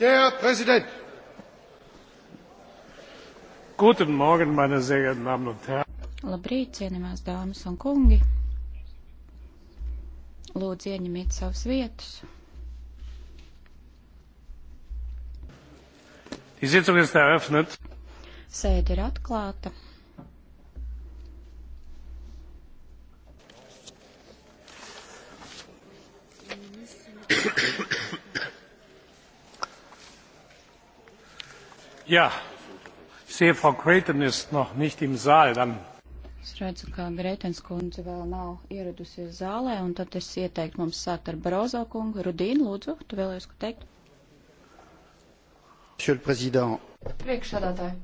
Der Präsident! Guten Morgen, meine sehr geehrten Damen und Herren! Labrīt, cienījamās dāmas un kungi! Lūdzu, ieņemiet savas vietas. Die Sitzung ist eröffnet. Sēde ir atklāta. Jā, es sehe, Frau Creighton ist noch nicht im Saal. Dann... Es redzu, ka Greitens kundze vēl nav ieradusies zālē, un tad es ieteiktu mums sākt ar Barozo kungu. Rudīnu, lūdzu, tu vēlējies ko teikt? Priekšsādātāji,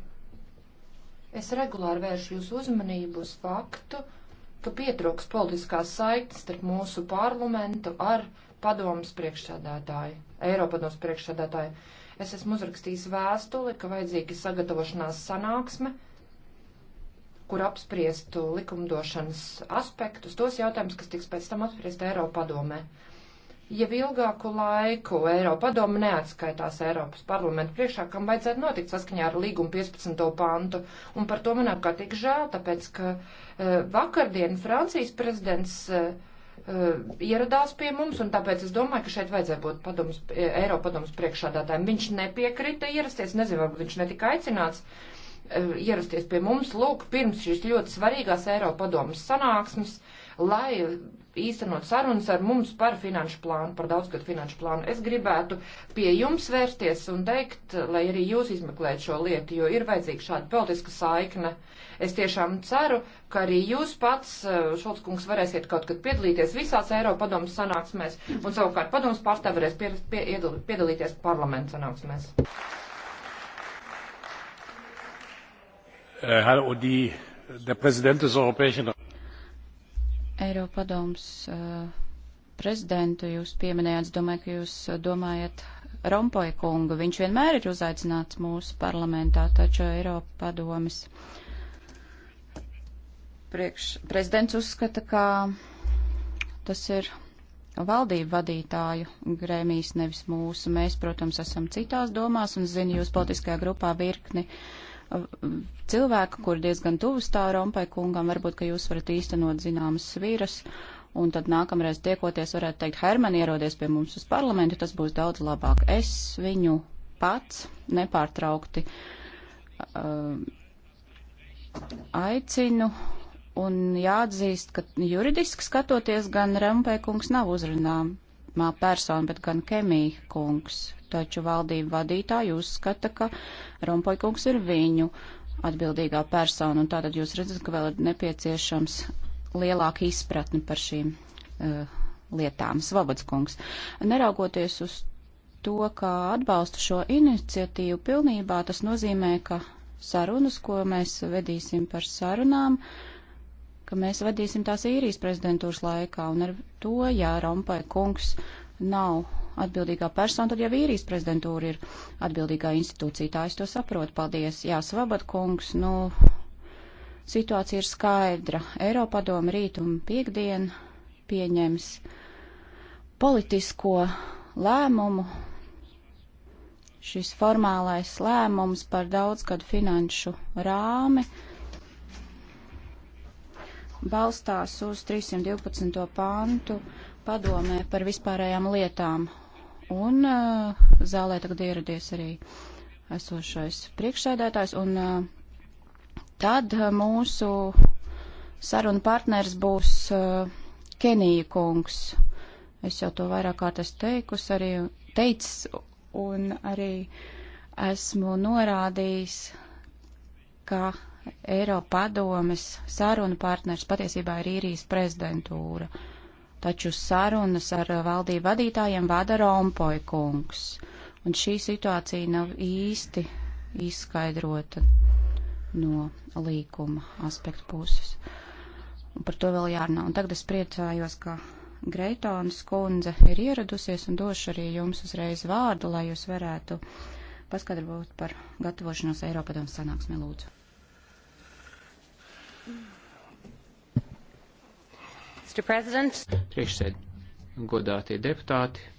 es regulāri vēršu jūsu uzmanību uz faktu, ka pietrūks politiskās saites starp mūsu parlamentu ar padomas priekšsēdētāju, Eiropadomas priekšsēdētāju. Es esmu uzrakstījis vēstuli, ka vajadzīga sagatavošanās sanāksme, kur apspriestu likumdošanas aspektus, tos jautājumus, kas tiks pēc tam apspriest Eiropadomē jau ilgāku laiku Eiropadoma neatskaitās Eiropas parlamentu priekšā, kam vajadzētu notikt saskaņā ar līgumu 15. pantu. Un par to man ārkārtīgi žēl, tāpēc, ka uh, vakardien Francijas prezidents uh, ieradās pie mums, un tāpēc es domāju, ka šeit vajadzēja būt padomus, Eiropadomus priekšādātājiem. Viņš nepiekrita ierasties, nezinu, varbūt viņš netika aicināts uh, ierasties pie mums, lūk, pirms šīs ļoti svarīgās Eiropadomas sanāksmes. Uh, lai īstenot sarunas ar mums par finanšu plānu, par daudzgad finanšu plānu. Es gribētu pie jums vērsties un teikt, lai arī jūs izmeklētu šo lietu, jo ir vajadzīga šāda politiska saikne. Es tiešām ceru, ka arī jūs pats, eh, Šolckungs, varēsiet kaut kad piedalīties visās Eiropadomas sanāksmēs un savukārt padomas pārstāv varēs pie, pie, piedalīties parlamentu sanāksmēs. Herr eh, Odi, der Präsident des Europäischen Eiropadoms eh, prezidentu jūs pieminējāt, es domāju, ka jūs eh, domājat Rompoja kungu. Viņš vienmēr ir uzaicināts mūsu parlamentā, taču Eiropadomis priekšprezidents uzskata, ka tas ir valdību vadītāju grēmijas, nevis mūsu. Mēs, protams, esam citās domās un zinu jūs politiskajā grupā virkni. Uh, cilvēka, kur diezgan tuvu stāv Rompai kungam, varbūt, ka jūs varat īstenot zināmas svīras, un tad nākamreiz tiekoties varētu teikt, Herman ierodies pie mums uz parlamentu, tas būs daudz labāk. Es viņu pats nepārtraukti uh, aicinu. Un jāatzīst, ka juridiski skatoties gan Rempē kungs nav uzrunām nākamā persona, bet gan Kemija kungs. Taču valdību vadītāji uzskata, ka Rompoja kungs ir viņu atbildīgā persona, un tātad jūs redzat, ka vēl ir nepieciešams lielāka izpratne par šīm uh, lietām. Svabats kungs. Neraugoties uz to, kā atbalstu šo iniciatīvu pilnībā, tas nozīmē, ka sarunas, ko mēs vedīsim par sarunām, uh, ka mēs vadīsim tās īrijas prezidentūras laikā, un ar to, ja Rompai kungs nav atbildīgā persona, tad jau īrijas prezidentūra ir atbildīgā institūcija, tā es to saprotu, paldies. Jā, Svabat kungs, nu, situācija ir skaidra. Eiropadoma rīt un piekdien pieņems politisko lēmumu, šis formālais lēmums par daudzgadu finanšu rāmi balstās uz 312. pantu padomē par vispārējām lietām. Un uh, zālē tagad ieradies arī esošais priekšsēdētājs. Un uh, tad eh, mūsu saruna partners būs uh, Kenija kungs. Es jau to vairāk kārt esmu teikus arī, teicis un arī esmu norādījis, ka Eiropa padomes sarunu partners patiesībā ir īrijas prezidentūra, taču sarunas ar valdību vadītājiem vada Rompoja kungs, un šī situācija nav īsti izskaidrota no līkuma aspektu puses. Un par to vēl jārunā. Un tagad es priecājos, ka Greitons kundze ir ieradusies un došu arī jums uzreiz vārdu, lai jūs varētu paskatrot par gatavošanos Eiropadomas sanāksmē lūdzu. Priekšsēd, godātie deputāti.